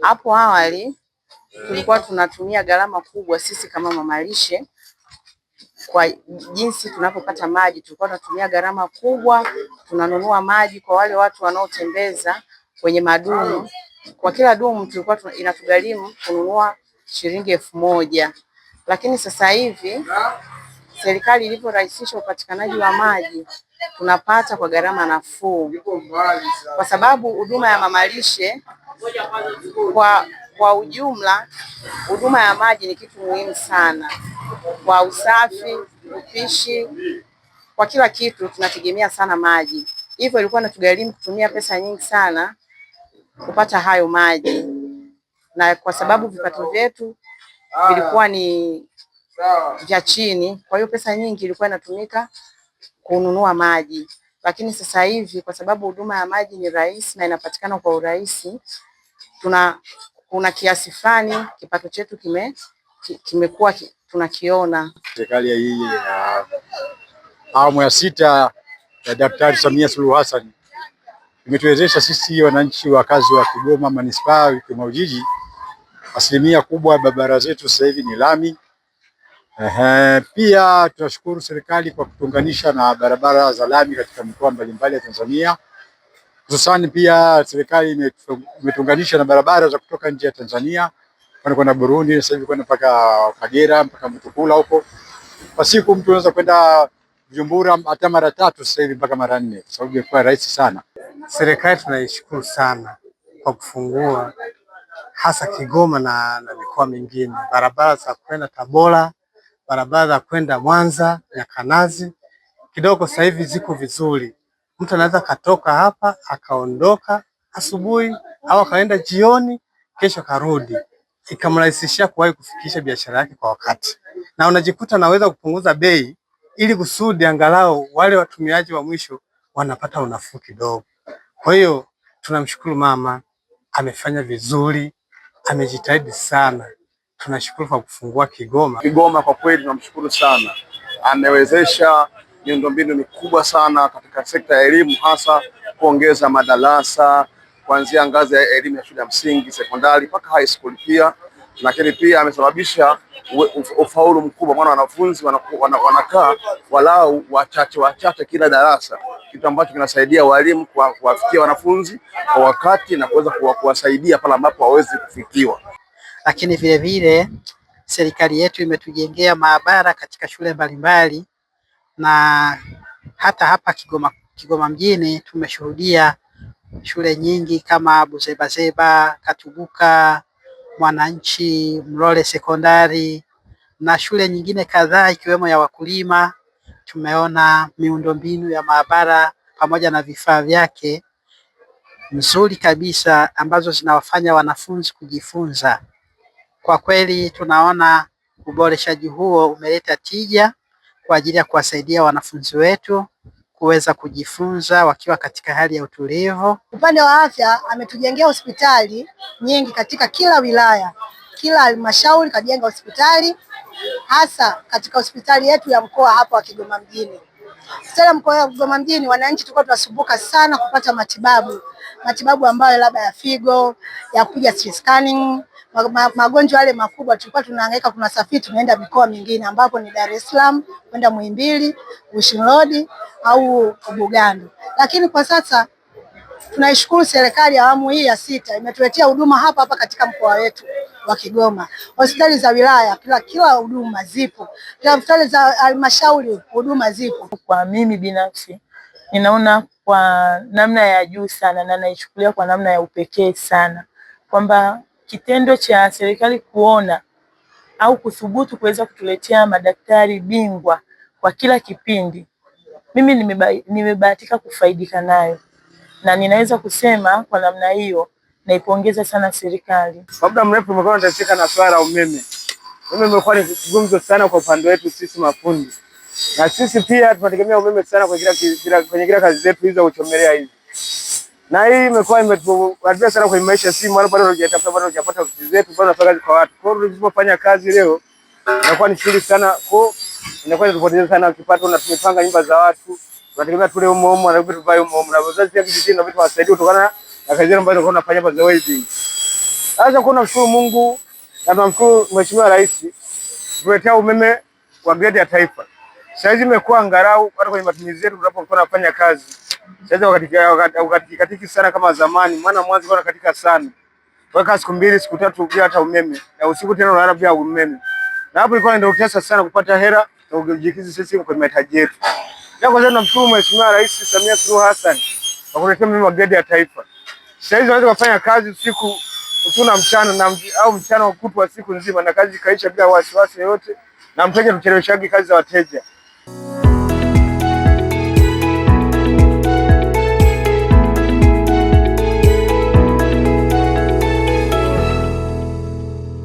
Hapo awali tulikuwa tunatumia gharama kubwa sisi kama mama lishe kwa jinsi tunapopata maji, tulikuwa tunatumia gharama kubwa, tunanunua maji kwa wale watu wanaotembeza kwenye madumu. Kwa kila dumu tulikuwa inatugharimu kununua shilingi elfu moja lakini sasa hivi serikali ilivyorahisisha upatikanaji wa maji tunapata kwa gharama nafuu, kwa sababu huduma ya mamalishe kwa, kwa ujumla huduma ya maji ni kitu muhimu sana kwa usafi, upishi, kwa kila kitu tunategemea sana maji, hivyo ilikuwa inatugharimu kutumia pesa nyingi sana kupata hayo maji, na kwa sababu vipato vyetu vilikuwa ni vya chini, kwa hiyo pesa nyingi ilikuwa inatumika kununua maji, lakini sasa hivi kwa sababu huduma ya maji ni rahisi na inapatikana kwa urahisi tuna kuna kiasi fulani kipato chetu kime kimekuwa tunakiona. Serikali ya hii ya awamu ya sita ya Daktari Samia Suluhu Hassan imetuwezesha sisi wananchi wakazi wa Kigoma manispaa Kigoma Ujiji, asilimia kubwa ya barabara zetu sasa hivi ni lami. Ehe, pia tunashukuru serikali kwa kutuunganisha na barabara za lami katika mikoa mbalimbali ya Tanzania. Hususani pia serikali imetunganisha na barabara za kutoka nje ya Tanzania kwenda Burundi, sasa hivi kwenda mpaka Kagera mpaka Mutukula huko. Kwa siku mtu anaweza kwenda Jumbura hata mara tatu sasa hivi mpaka mara nne, kwa sababu imekuwa rahisi sana. Serikali tunaishukuru sana kwa kufungua hasa Kigoma na, na mikoa mingine barabara za kwenda Tabora, barabara za kwenda Mwanza, na Kanazi, kidogo sasa hivi ziko vizuri Mtu anaweza katoka hapa akaondoka asubuhi au akaenda jioni, kesho karudi, ikamrahisishia kuwahi kufikisha biashara yake kwa wakati, na unajikuta naweza kupunguza bei ili kusudi angalau wale watumiaji wa mwisho wanapata unafuu kidogo. Kwa hiyo tunamshukuru mama, amefanya vizuri, amejitahidi sana. Tunashukuru kwa kufungua Kigoma. Kigoma kwa kweli tunamshukuru sana, amewezesha miundombinu mikubwa sana katika sekta ya elimu, hasa kuongeza madarasa kuanzia ngazi ya elimu ya shule ya msingi, sekondari mpaka high school pia. Lakini pia amesababisha ufaulu mkubwa, maana wanafunzi wanakaa walau wachache wachache kila darasa, kitu ambacho kinasaidia walimu kuwafikia wanafunzi kwa wakati na kuweza kuwasaidia pale ambapo hawezi kufikiwa. Lakini vilevile serikali yetu imetujengea maabara katika shule mbalimbali na hata hapa Kigoma, Kigoma mjini tumeshuhudia shule nyingi kama Buzebazeba, Katubuka, Mwananchi, Mlole Sekondari na shule nyingine kadhaa ikiwemo ya wakulima. Tumeona miundombinu ya maabara pamoja na vifaa vyake nzuri kabisa ambazo zinawafanya wanafunzi kujifunza. Kwa kweli tunaona uboreshaji huo umeleta tija kwa ajili ya kuwasaidia wanafunzi wetu kuweza kujifunza wakiwa katika hali ya utulivu. Upande wa afya ametujengea hospitali nyingi katika kila wilaya, kila halmashauri kajenga hospitali, hasa katika hospitali yetu ya mkoa hapa wa Kigoma mjini. Hospitali ya mkoa wa Kigoma mjini, wananchi tulikuwa tunasumbuka sana kupata matibabu, matibabu ambayo labda ya figo, ya kupiga scanning magonjwa yale makubwa tulikuwa tunahangaika, kuna safiri tunaenda mikoa mingine ambapo ni Dar es Salaam kwenda Muhimbili, Ocean Road au Bugando, lakini kwa sasa tunaishukuru serikali ya awamu hii ya sita imetuletea huduma hapa hapa katika mkoa wetu wa Kigoma. Hospitali za wilaya kila kila huduma zipo, kila hospitali za halmashauri huduma zipo. Kwa mimi binafsi ninaona kwa namna ya juu sana na naichukulia kwa namna ya upekee sana kwamba kitendo cha serikali kuona au kuthubutu kuweza kutuletea madaktari bingwa kwa kila kipindi, mimi nimebahatika kufaidika nayo, na ninaweza kusema kwa namna hiyo naipongeza sana serikali. Kwa muda mrefu nimekuwa nateseka na swala la umeme. Umeme umekuwa ni gumzo sana kwa upande wetu sisi mafundi, na sisi pia tunategemea umeme sana kwenye kila kazi zetu hizo za kuchomelea hizi na hii imekuwa imetuadvance sana kwenye maisha, si mara bado tunajitafuta, bado tunapata vitu zetu, bado tunafanya kazi kwa watu. Kwa hiyo tulipofanya kazi leo inakuwa ni shughuli sana, kwa inakuwa ni kupoteza sana kipato, na tumepanga nyumba za watu, tunategemea tule umo umo na vitu vya umo umo, na wazazi pia kijijini na vitu wasaidie kutokana na kazi ambayo tunakuwa tunafanya kwa zawadi hizi. Sasa kuna mshukuru Mungu na tunamshukuru Mheshimiwa Rais kuletea umeme wa grade ya taifa. Sasa hizi imekuwa angalau hata kwenye matumizi yetu tunapokuwa tunafanya kazi sasa hawakatikatiki sana kama zamani, maana mwanzo kwa katika sana, weka siku mbili siku tatu bila hata umeme, na usiku tena unalala bila umeme, na hapo ilikuwa ndio kiasi sana kupata hela na kujikizi sisi kwa mahitaji yetu. Na kwa sababu namshukuru Mheshimiwa Rais Samia Suluhu Hassan kwa kuletea mimi magredi ya taifa. Sasa hizo unaweza kufanya kazi usiku usiku na mchana na au mchana kutwa siku nzima na kazi kaisha bila wasiwasi yote, na mteja tucheleweshaji kazi za wateja.